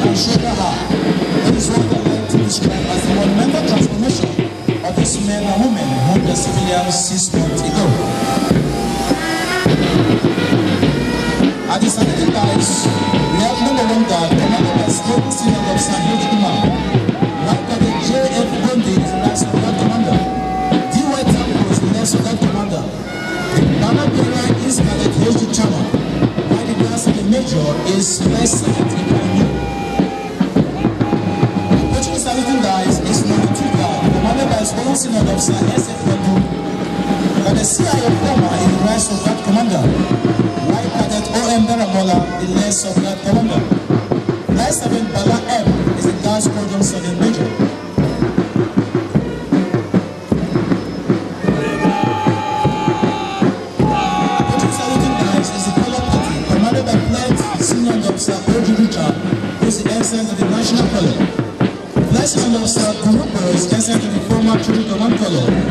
and trigger her. This was the led to as the monumental transformation of this man and woman who were civilians six months ago. At the Sanity Times, we have no longer commanded by State Senior Officer Hilde Kumar. Now Captain J.F. Bundy is the last Soviet commander. D.Y. Tambo is the last Soviet commander. Baba Pena is Cadet the Chama. While the last major is First Secretary Experiencing an officer SF that the CIO. former in the rise of that commander, White Cadet O.M. Daramola, the less of that commander. Light seven, Bala M is the Dutch Cordial Sergeant Mesele reforma çocuk aman kalı.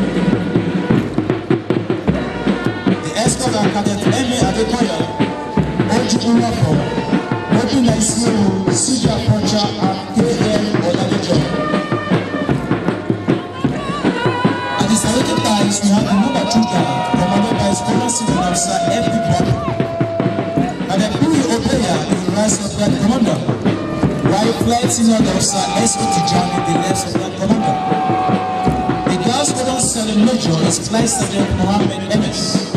The individual is placed against Mohammed Emes.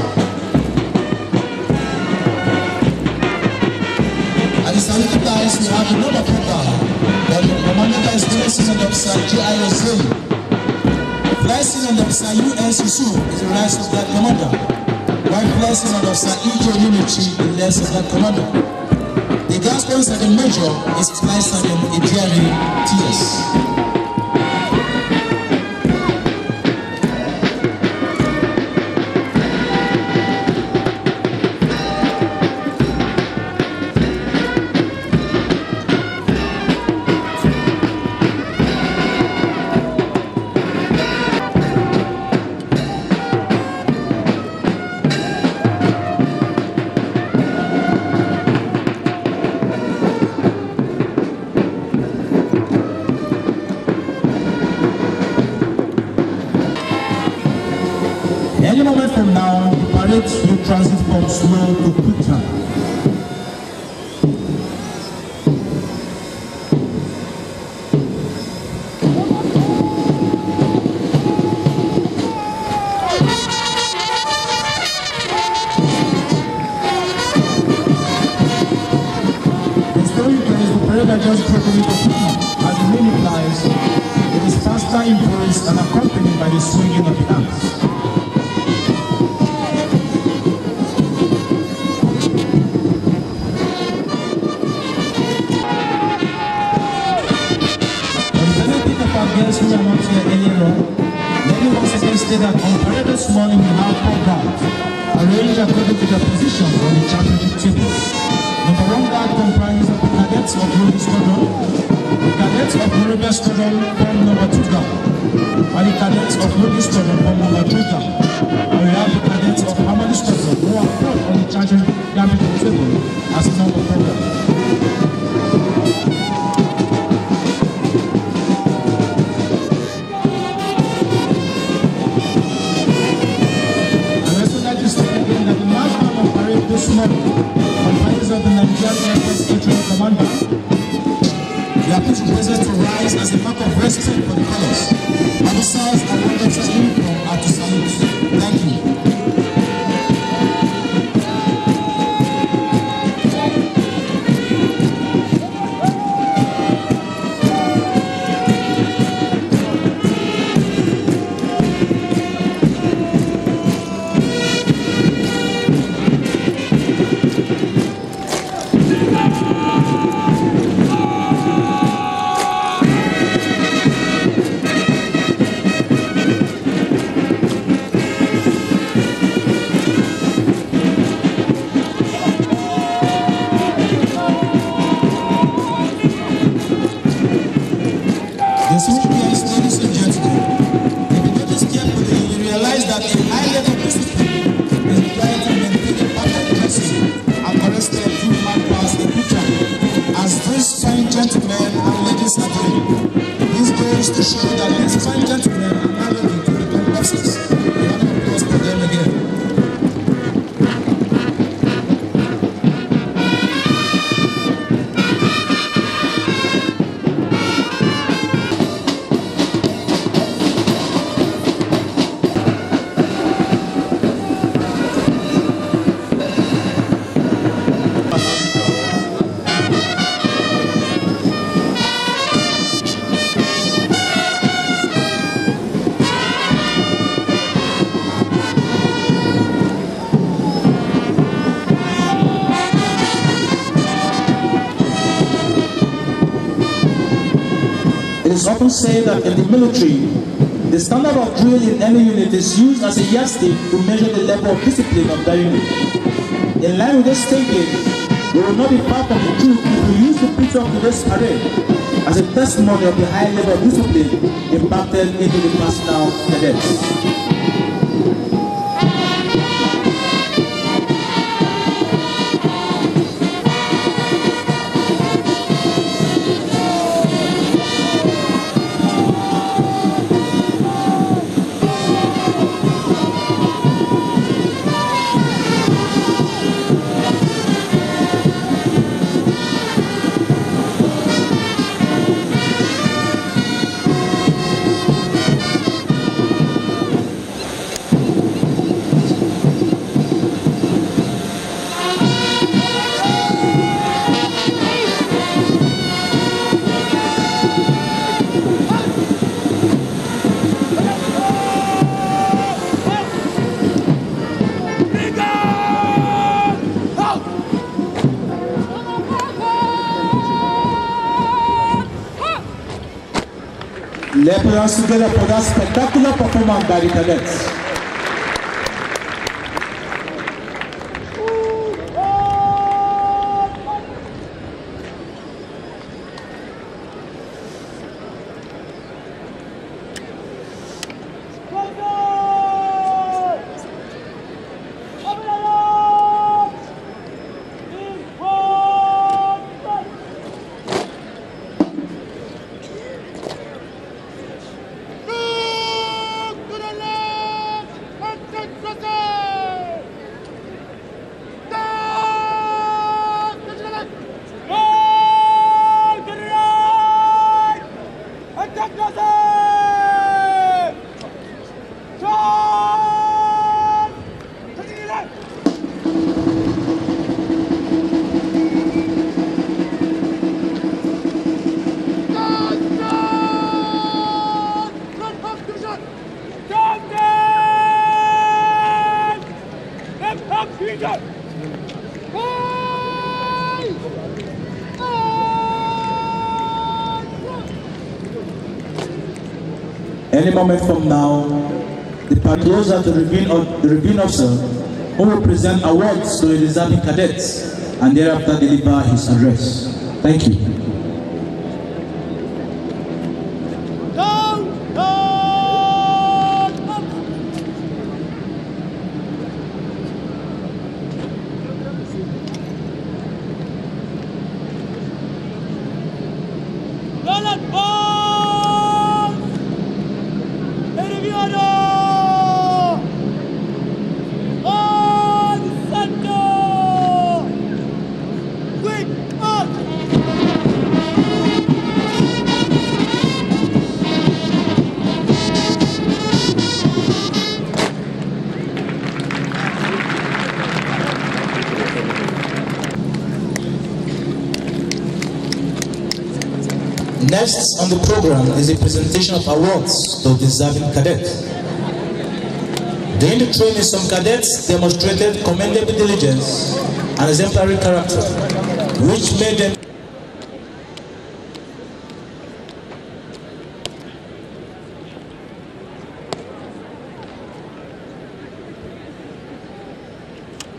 At the Saudi Dice, we have another footballer, but the commander is placing on the upside GIOC. Placing on the upside US is the rise of that commander, while placing on the upside EJ Unity is the rise of that commander. The gospel second major is placed on the Ijeri TS. transit from slow to said that on parade this morning we have four guards, arranged according to their positions on the championship table. Number one guard comprises the cadets of Ruby Squadron, the cadets of Ruby Squadron from number two guard, and the cadets of Ruby Squadron from number three guard. We have the cadets of Harmony Squadron who are put on the championship table as number four guard. Management Advisor of the Nigerian Air Force Veteran Commander, are to rise as a mark of respect for the colors. Other and are in uniform to salute. Thank you. Espírito. is often say that in the military, the standard of drill in any unit is used as a yardstick to measure the level of discipline of that unit. In line with this thinking, we will not be part of the truth if we use the picture of today's parade as a testimony of the high level of discipline impacted into the personal cadets. For us together for that spectacular performance by the cadets. moments from now, the Padiosa to Rabin officer who will present awards to deserving cadets and thereafter deliver his address. Thank you. Next on the program is a presentation of awards to deserving cadets. During the training, some cadets demonstrated commendable diligence and exemplary character, which made them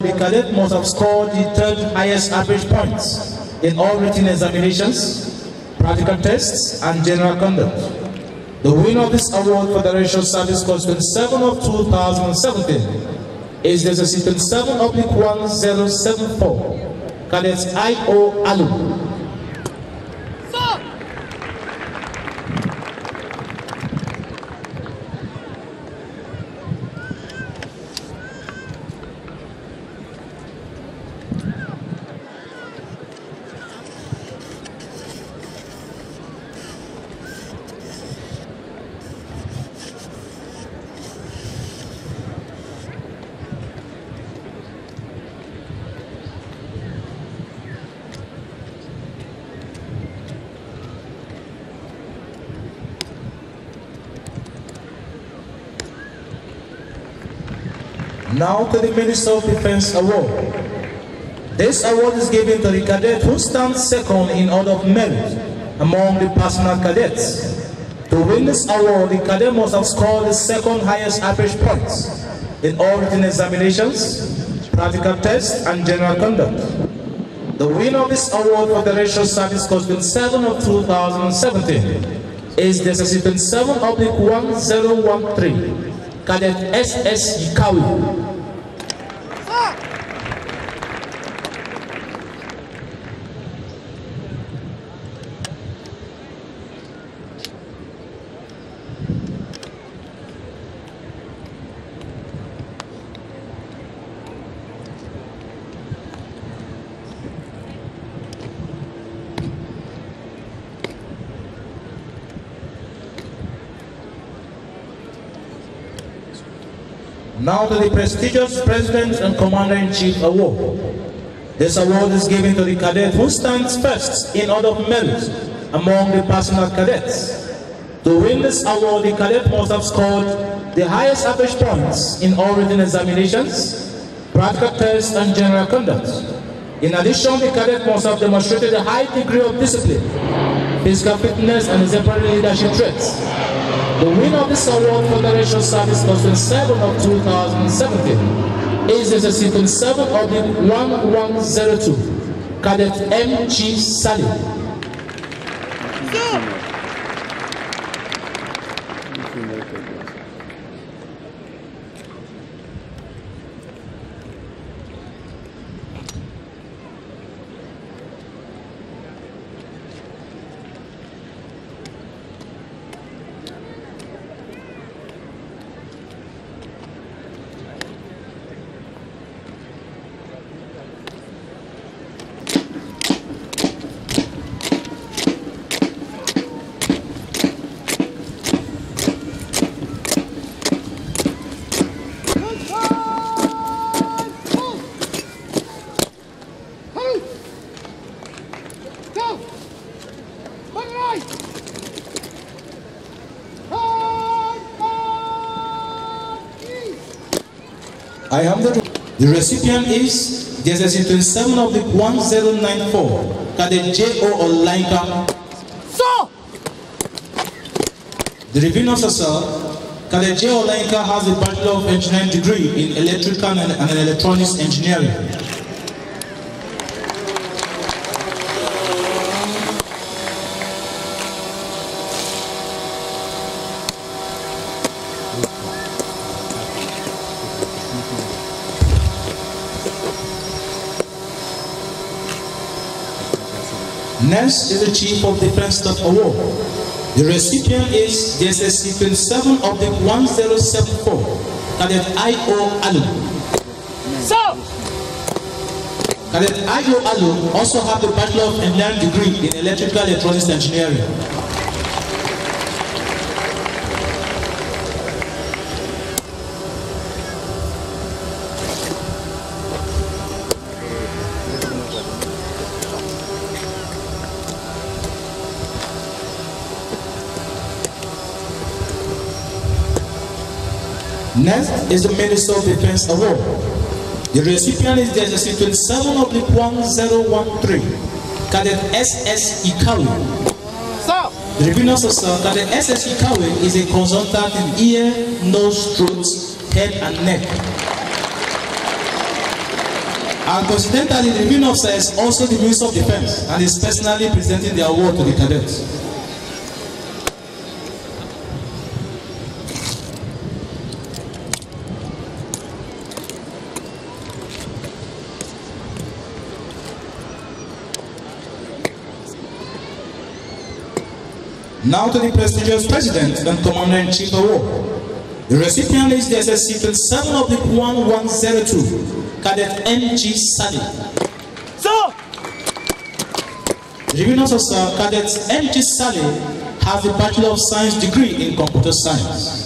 The cadet must have scored the third highest average points in all written examinations practical tests, and general conduct. The winner of this award for the Racial Service Constituent 7 of 2017 is the Assistant 7 of 1074, Cadet I.O. Alu. Now to the Minister of Defense Award. This award is given to the cadet who stands second in order of merit among the personal cadets. To win this award, the cadet must have scored the second highest average points in all written examinations, practical tests, and general conduct. The winner of this award for the Racial Service Costume 7 of 2017 is the Assistant 7 Oblique 1013, Cadet SS Yikawi, Now to the prestigious President and Commander-in-Chief Award. This award is given to the cadet who stands first in order of merit among the personal cadets. To win this award, the cadet must have scored the highest average points in all written examinations, practical tests, and general conduct. In addition, the cadet must have demonstrated a high degree of discipline, physical fitness, and exemplary leadership traits. The winner of this award for the racial service Constitution 7 of 2017 is the Constitution 7 of the 1102, Cadet M. G. Salim. I the, the recipient is JSS 27 of the 1094, Kadejo J.O. So! The revenue officer, Kadejo J. has a Bachelor of Engineering degree in Electrical and, and Electronics Engineering. Hess is the chief of the Princeton Award. The recipient is JSS Sequence 7 of the 1074, Cadet I.O. Alu. So, Cadet I.O. Alu also has the Bachelor of Engineering degree in Electrical Electronics Engineering. Next is the Minister of Defense Award. The recipient is the recipient of the 1013, Cadet SS Ikawi. Stop. The revenue the Cadet SS Ikawi, is a consultant in ear, nose, throat, head, and neck. And coincidentally, the revenue officer is also the Minister of Defense and is personally presenting the award to the cadets. Now to the prestigious president and commander-in-chief award. The recipient is the SSC 7 of the 1102, Cadet M.G. Sadi. Sir! Reviewing officer Cadet M.G. Sally has a Bachelor of Science degree in Computer Science.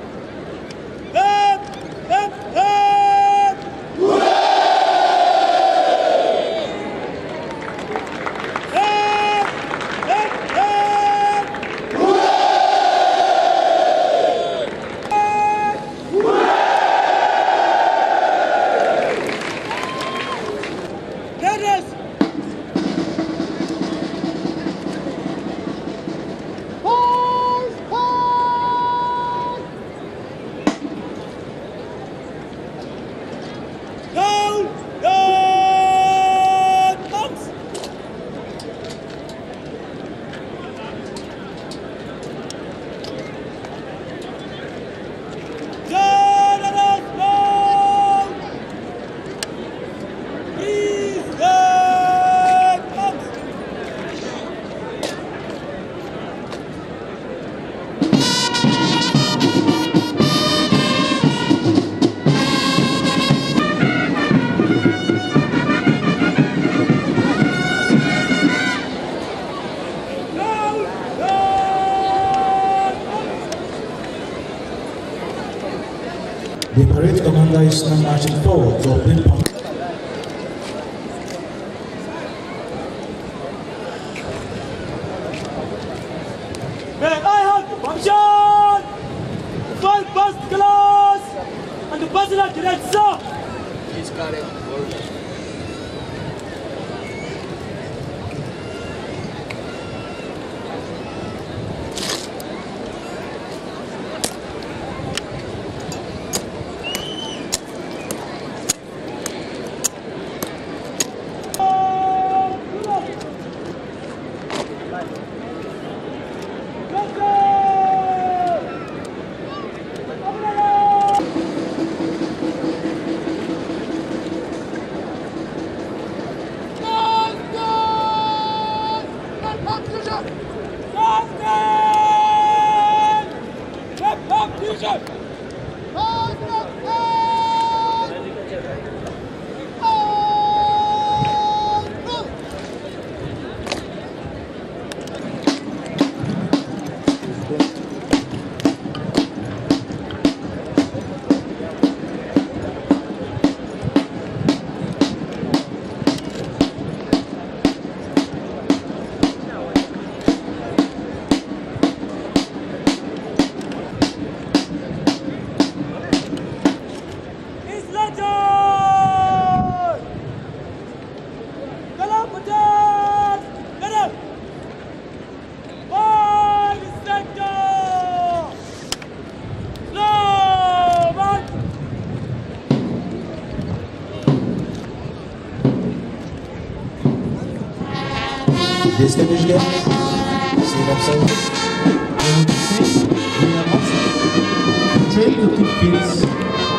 Cristo na margem this image again. See We are awesome. Train to keep peace.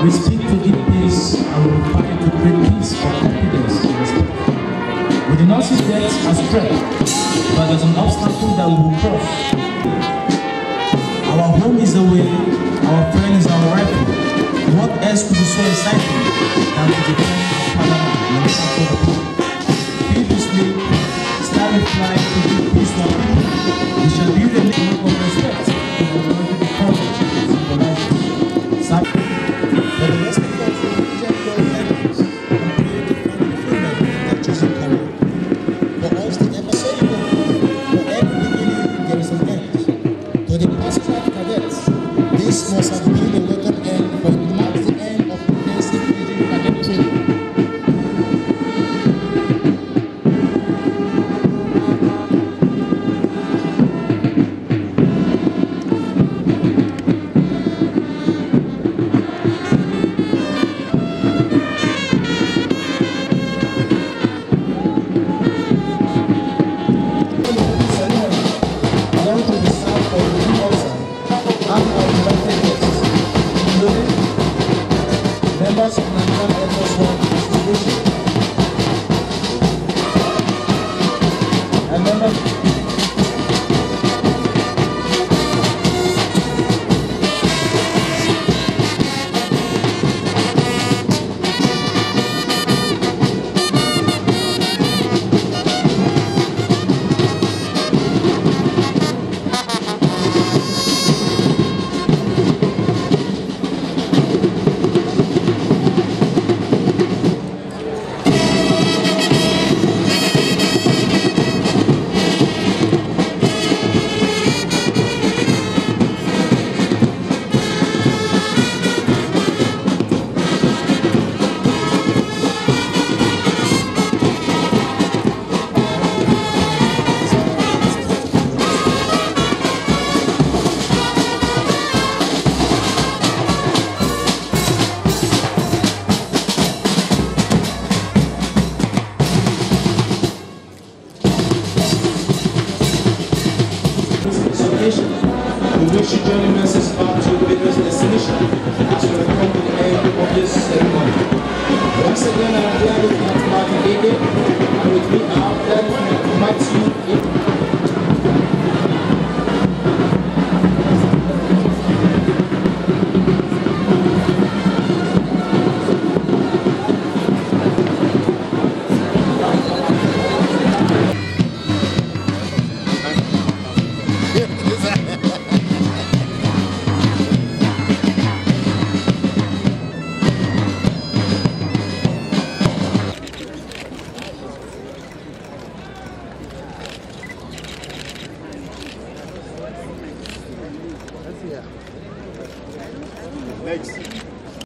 We speak to keep peace and we fight to create peace for confidence and respect. We do not see death as threat, but as an obstacle that we will cross. Our home is the way, our friend is our rifle. What else could be so exciting than to defend our and our butterfly to be peaceful. We shall build a network of respect.